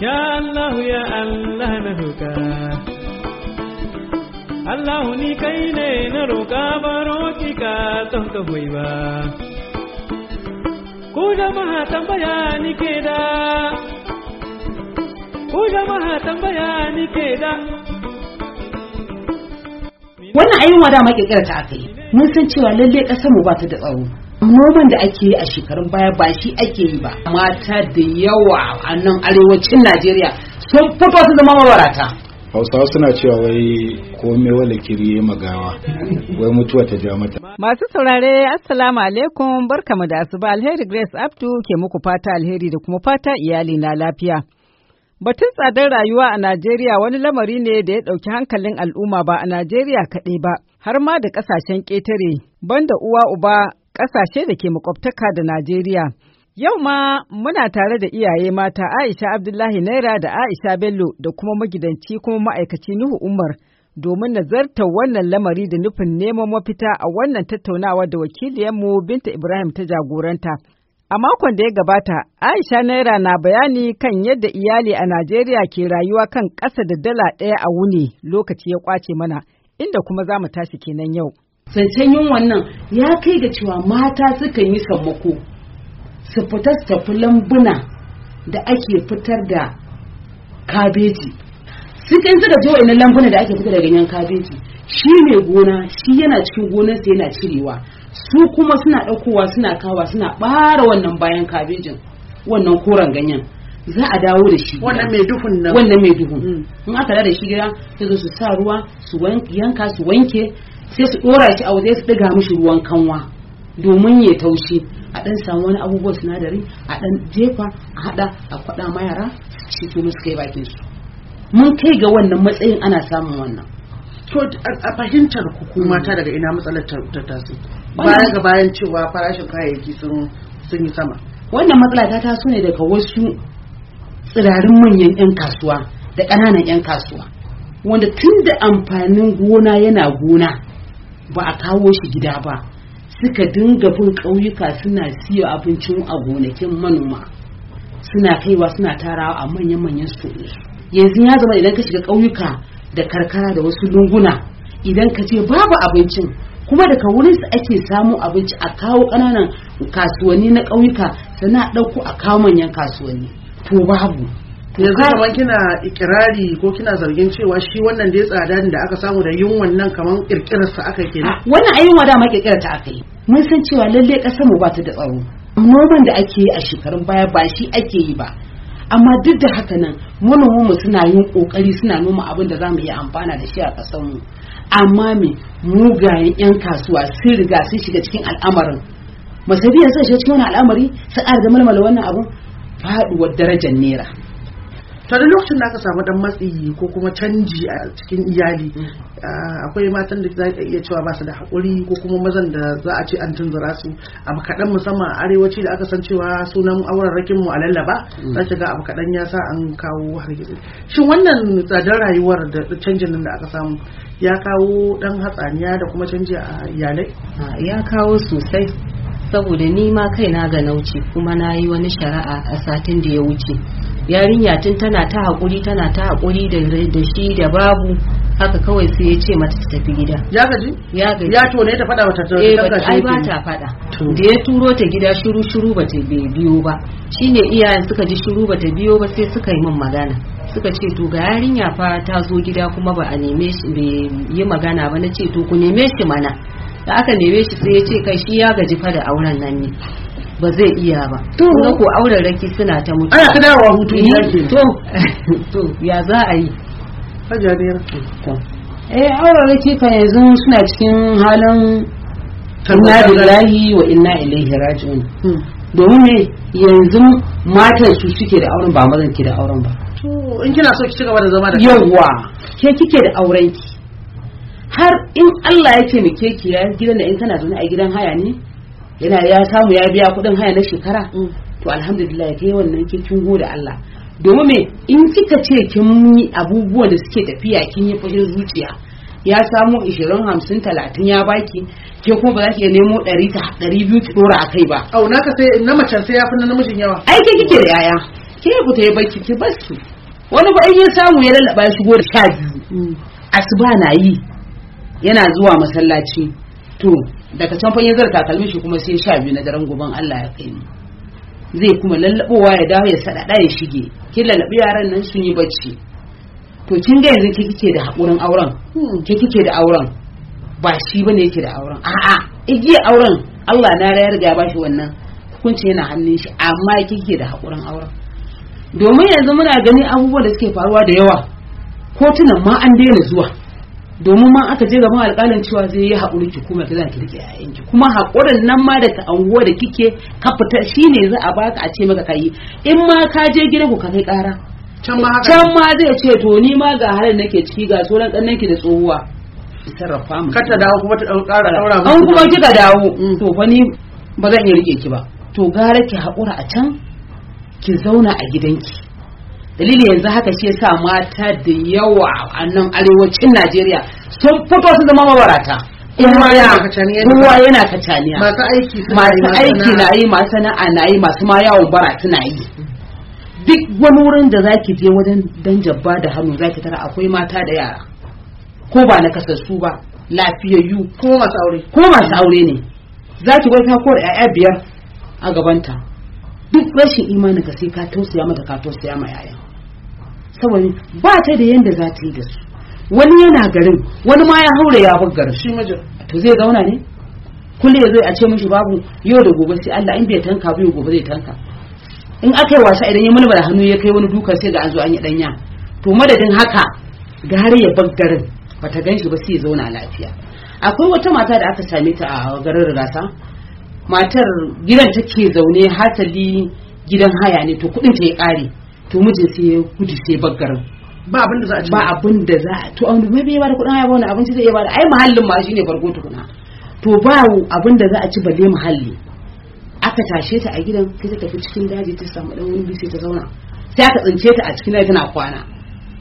Ya Allah ya Allah na roƙa Allah ni kai ne na roƙa baro ki ka ton ka hoyi ba Ku jama'a tambaya ni ke da Ku jama'a tambaya ni ke da Wannan ayyuwa da makirkira ta aka mun san cewa lalle ƙasar mu ba ta da tsaro noman da ake yi a shekarun baya ba shi ake yi ba mata da yawa a nan arewacin najeriya sun fito su zama mabarata hausawa suna cewa wai kome wala kiri magawa wai mutuwa ta ja mata masu saurare assalamu alaikum barkamu da asuba alheri grace abdu ke muku fata alheri da kuma fata iyali na lafiya Batun tsadar rayuwa a Najeriya wani lamari ne da ya ɗauki hankalin al'umma ba a Najeriya kaɗai ba, har ma da ƙasashen ƙetare, banda uwa uba ƙasashe da ke makwabtaka da Najeriya. Yau ma muna tare da iyaye mata Aisha Abdullahi Naira da Aisha Bello da kuma magidanci kuma ma'aikaci Nuhu Umar domin nazartar wannan lamari da nufin neman mafita a wannan tattaunawa da wakiliyanmu Binta Ibrahim ta jagoranta. A makon da ya gabata, Aisha Naira na bayani kan yadda iyali a Najeriya ke rayuwa kan ƙasa da dala ɗaya a wuni lokaci ya ƙwace mana, inda kuma za mu tashi kenan yau. zancen yunwan nan ya kai ga cewa mata sukan yi sammako su fita su tafi lambuna da ake fitar da kabeji sukan da zo ina lambuna da ake fitar da ganyen kabeji shi ne gona shi yana cikin gonarsa yana cirewa su kuma suna ɗaukowa suna kawa suna ɓara wannan bayan kabejin wannan koren ganyen za a dawo da shi wannan mai duhun nan wannan mai duhun mm. in aka da shi gida sai su sa ruwa su yanka su wanke sai su dora shi a waje su diga mishi ruwan kanwa domin ya taushe a dan samu wani abubuwan sinadari a dan jefa a hada a kwada ma yara shi su musu kai bakin su mun kai ga wannan matsayin ana samun wannan to a fahimtar hukuma hmm. ta daga ina matsalar ta taso bayan ga bayan cewa farashin kayayyaki sun sun yi sama wannan matsala ta taso ne daga wasu tsirarin manyan 'yan kasuwa da ƙananan 'yan kasuwa wanda tun da amfanin gona yana gona ba a kawo shi gida ba suka dinga bin ƙauyuka suna siya abincin a gonakin manoma suna kaiwa suna tarawa a manyan manyan su yanzu ya zama idan ka shiga ƙauyuka da karkara da wasu lunguna idan ka ce babu abincin kuma daga wurin su ake samu abinci a kawo ƙananan kasuwanni na ƙauyuka sannan a ɗauko a kawo manyan kasuwanni to babu yanzu kamar kina ikirari ko kina zargin cewa shi wannan dai tsada da aka samu da yunwan nan kamar kirkirarsa aka ke wannan ayi yunwa dama kirkirar ta aka yi mun san cewa lalle kasar mu ba ta da tsaro noman da ake yi a shekarun baya ba shi ake yi ba amma duk da haka nan manoman mu suna yin kokari suna noma abin da zamu yi amfana da shi a kasar mu amma me mugayen yan kasuwa sun riga sun shiga cikin al'amarin masabiyan sun shiga cikin al'amari su a arga malmala wannan abun faduwar darajar naira to da lokacin da aka samu dan matsi ko kuma canji a cikin iyali mm. akwai matan da za ka iya cewa ba su da hakuri ko kuma mazan da za a ce an tunzura su abu kaɗan musamman a arewaci da aka san cewa sunan auren mu a lallaba mm. za ka ga abu kaɗan ya sa an kawo hargitsi shin wannan tsadar rayuwar da canjin nan da aka samu ya kawo ɗan hatsaniya da kuma canji a iyalai ya kawo sosai saboda ni ma kaina ga nauci kuma na yi wani shari'a a satin da ya wuce yarinya tun tana ta haƙuri tana ta haƙuri da shi da babu haka kawai sai ya ce mata ta tafi gida ya gaji ya gaji ya tone ta faɗa mata ta eh, shi ai ba ta To. da ya turo ta gida shiru shiru ba ta biyo ba shine iyayen suka ji shiru ba ta biyo ba sai suka yi min magana suka ce to ga yarinya fa ta zo gida kuma ba a neme shi yi magana ba na ce to ku neme shi mana da aka neme shi sai ya ce kai shi ya gaji fa da auren nan ne ba zai iya ba to na ko auren raki suna ta mutu ana kada wa hutu eh, ne to to ya za a yi hajjariyar to eh auren raki kan yanzu suna cikin halin inna lillahi wa inna ilaihi raji'un hmm. domin ne yanzu matan su suke da auren ba mazan ke da auren ba in kina so ki ci gaba da zama da yawwa ke kike da auren ki har in Allah ya taimake ki ya gidan da in kana zaune a gidan haya ne yana ya samu ya biya kuɗin haya na shekara mm. to alhamdulillah kai wannan kin kin gode Allah domin me in kika ce kin yi abubuwa da suke tafiya kin yi fashin zuciya ya samo 20 50 30 ya baki ke kuma ba za ki nemo 100 200 ki dora akai ba au ka sai na mace sai ya fi na namijin yawa ai ke kike yaya ke ku ta yi baki ki basu wani ba in ya samu ya lalaba shi shigo da sha biyu mm. asuba na yi yana zuwa masallaci to daga can fa ya zara takalmin shi kuma sai sha biyu na daren goban Allah ya kai mu zai kuma lallabowa ya dawo ya sadada ya shige kin lallabi yaran nan sun yi bacci to kin ga yanzu ke kike da hakurin auren hmm, ke kike da auren ba shi bane yake da auren a'a igiya auren Allah na ya riga ba shi wannan hukunci yana hannun shi amma kike da hakurin auren domin yanzu muna gani abubuwa da suke faruwa da yawa kotunan ma an daina zuwa domin ma aka je gaban alƙalin cewa zai yi haƙuri ki kuma ki zaki rike yayan ki kuma haƙurin nan ma daga anguwa da kike ka fita shine za a baka a ce maka kai in ma ka je gidan ku ka kai ƙara can ma haka Can ma zai ce to ni ma ga halin nake ciki ga sauran ɗan ki da tsohuwa sarrafa mu ta dawo kuma ta ƙara daura an kuma kika dawo mm. to fa ni ba zan iya rike ki ba to gara ki haƙura a can ki zauna a gidanki dalili yanzu haka shi yasa mata da yawa a nan arewacin Najeriya sun fito su zama mabarata kowa yana kacaniya masu aiki masu aiki na yi masu sana'a na yi masu ma yawon bara suna yi duk wani wurin da zaki je wajen dan jabba da hannu zaki tara akwai mata da yara ko ba na kasassu ba lafiyayyu ko masu aure ko masu aure ne zaki wai ta kora 'ya'ya biyar a gabanta duk rashin imanin ka sai ka tausaya mata ka tausaya ma 'ya'ya. saboda ba ta da yanda za ta yi da su wani yana garin wani ma ya haura ya bar garin shi majin to zai zauna ne kullu zai a ce mishi babu yau da gobe sai Allah in bai tanka ba gobe zai tanka in aka yi wasa idan ya mulba da hannu ya kai wani duka sai ga an zo an yi danya to madadin haka ga har ya bar garin ba gan shi ba sai ya zauna lafiya akwai wata mata da aka same ta a garin rasa matar gidan take zaune hatali gidan haya ne to kudin ta ya kare to mijin sai ya gudu sai baggaran ba abin da za a ci ba abin da za a to mai bai bada kuɗin haya ba wani abinci zai iya bada ai muhallin ma shine farko tukuna to ba abin da za a ci balle muhalli aka tashe ta a gidan kai ta tafi cikin daji ta samu dan wani sai ta zauna sai aka tsince ta a cikin daji tana kwana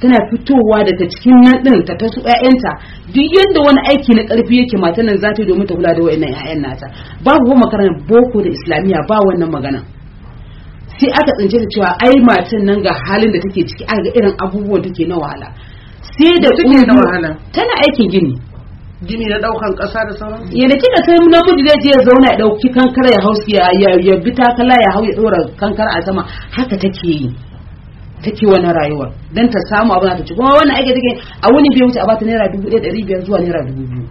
tana fitowa daga cikin nan din ta tasu ƴaƴanta duk yanda wani aiki na ƙarfi yake matan nan za ta yi domin ta kula da wayannan ƴaƴan nata babu ko makaran boko da islamiya ba wannan magana sai aka tsince da cewa ai matan nan ga halin da take ciki aka ga irin abubuwan take na wahala sai da take na wahala tana aikin gini gini na daukan kasa da sauran yana kika sai namiji zai je ya zauna ya dauki kankara ya hausi ya ya bi takala ya hau ya dora kankara a sama haka take yi take wani rayuwar dan ta samu abin da ta ci kuma wannan aiki take a wani biyu wuce a bata naira dubu ɗaya ɗari biyar zuwa naira dubu biyu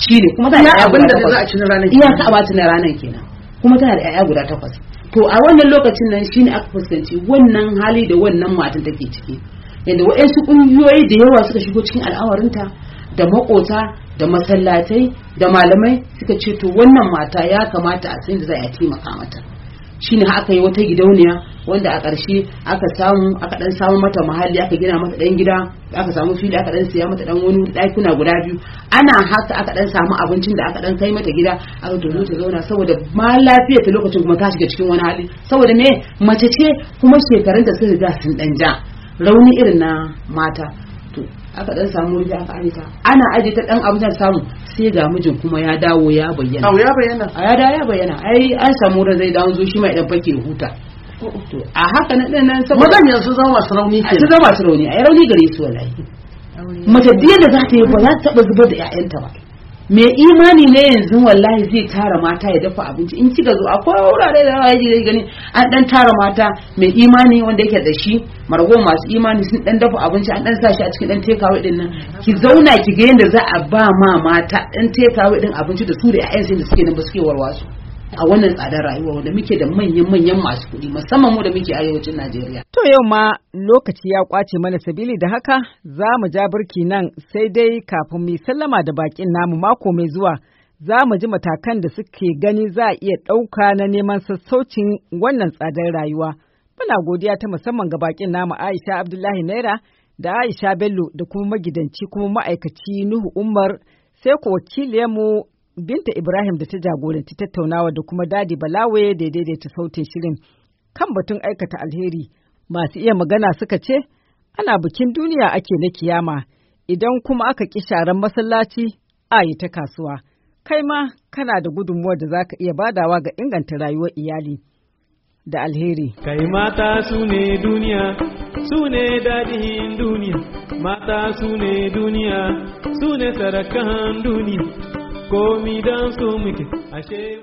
shine kuma za a abin da za a ci na ranar kenan iya ka a bata na ranar kenan kuma tana da 'ya'ya guda takwas to a wannan lokacin nan shine aka fuskanci wannan hali da wannan matan take ciki yadda waɗansu ƙungiyoyi da yawa suka shigo cikin al'amarinta da makota da masallatai da malamai suka ce to wannan mata ya kamata a san da za a taimaka mata shine aka yi wata gidauniya wanda a ƙarshe aka samu aka dan samu mata mahalli aka gina mata dan gida aka samu fili aka dan siya mata dan wani ɗakuna guda biyu ana haka aka dan samu abincin da aka ɗan kai mata gida aka tono ta zauna saboda ma lafiya ta lokacin kuma ta shiga cikin wani hali saboda me mace ce kuma shekarunta sun riga sun ɗan ja rauni irin na mata aka dan samu rufi aka aje ana aje ta dan abu samu sai ga mijin kuma ya dawo ya bayyana ya bayyana a ya dawo ya bayyana ai an samu da zai dawo zo shi mai dan fake huta a haka na dan nan saboda mazan yanzu zama masu rauni ke su zama masu rauni ai rauni gare su wallahi mace da za ta yi ba za ta taba zubar da ƴaƴanta ba mai imani ne yanzu wallahi zai tara mata ya dafa abinci in kika zo akwai wurare da yawa yaji gani an dan tara mata mai imani wanda yake da shi margo masu imani sun dan dafa abinci an dan sa shi a cikin dan tekawai din nan ki zauna ki ga yadda za a ba ma mata dan tekawai din abinci da su da ƴaƴan da suke nan ba suke warwasu a wannan tsadar rayuwa wanda muke da manyan-manyan masu kuɗi musamman mu da muke arewacin Najeriya. To yau ma lokaci ya kwace mana sabili da haka za mu ja birki nan sai dai kafin mu sallama da bakin namu mako mai zuwa za mu ji matakan da suke gani za a iya ɗauka na neman sassaucin wannan tsadar rayuwa. Muna godiya ta musamman ga bakin namu Aisha Abdullahi Naira da Aisha Bello da kuma magidanci kuma ma'aikaci Nuhu Umar sai ko wakiliyarmu Binta Ibrahim da ta jagoranci tattaunawa da kuma Dadi Balawe da daidaita sautin shirin kan batun aikata alheri masu iya magana suka ce ana bikin duniya ake na kiyama idan kuma aka ƙi sharan masallaci a yi ta kasuwa. Kai ma kana da gudunmuwa da za ka iya badawa ga inganta rayuwar iyali da alheri. Kai mata su ne duniya, su ne dadihin duniya, mata su ne duniya, su ne sarakan duniya. komi dan su muke ashe